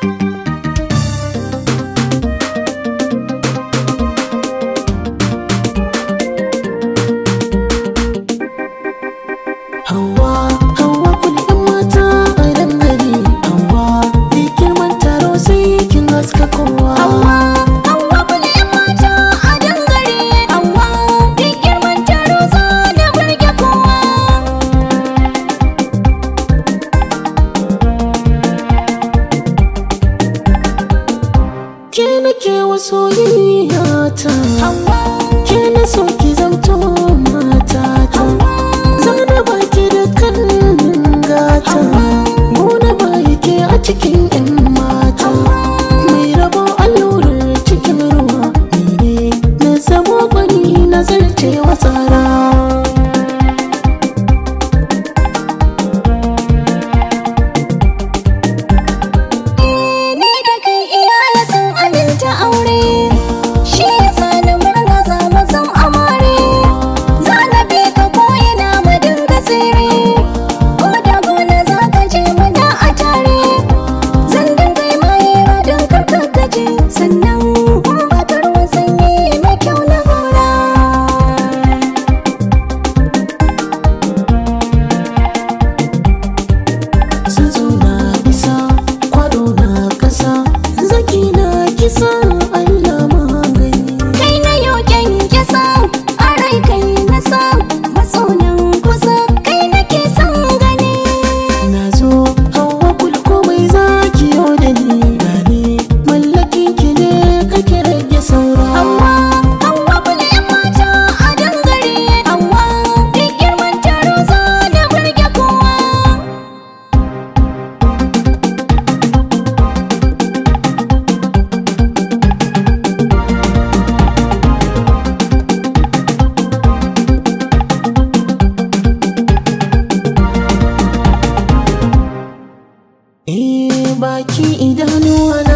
Thank you. ke nake wa soyayya ta ke na so baki idanuwa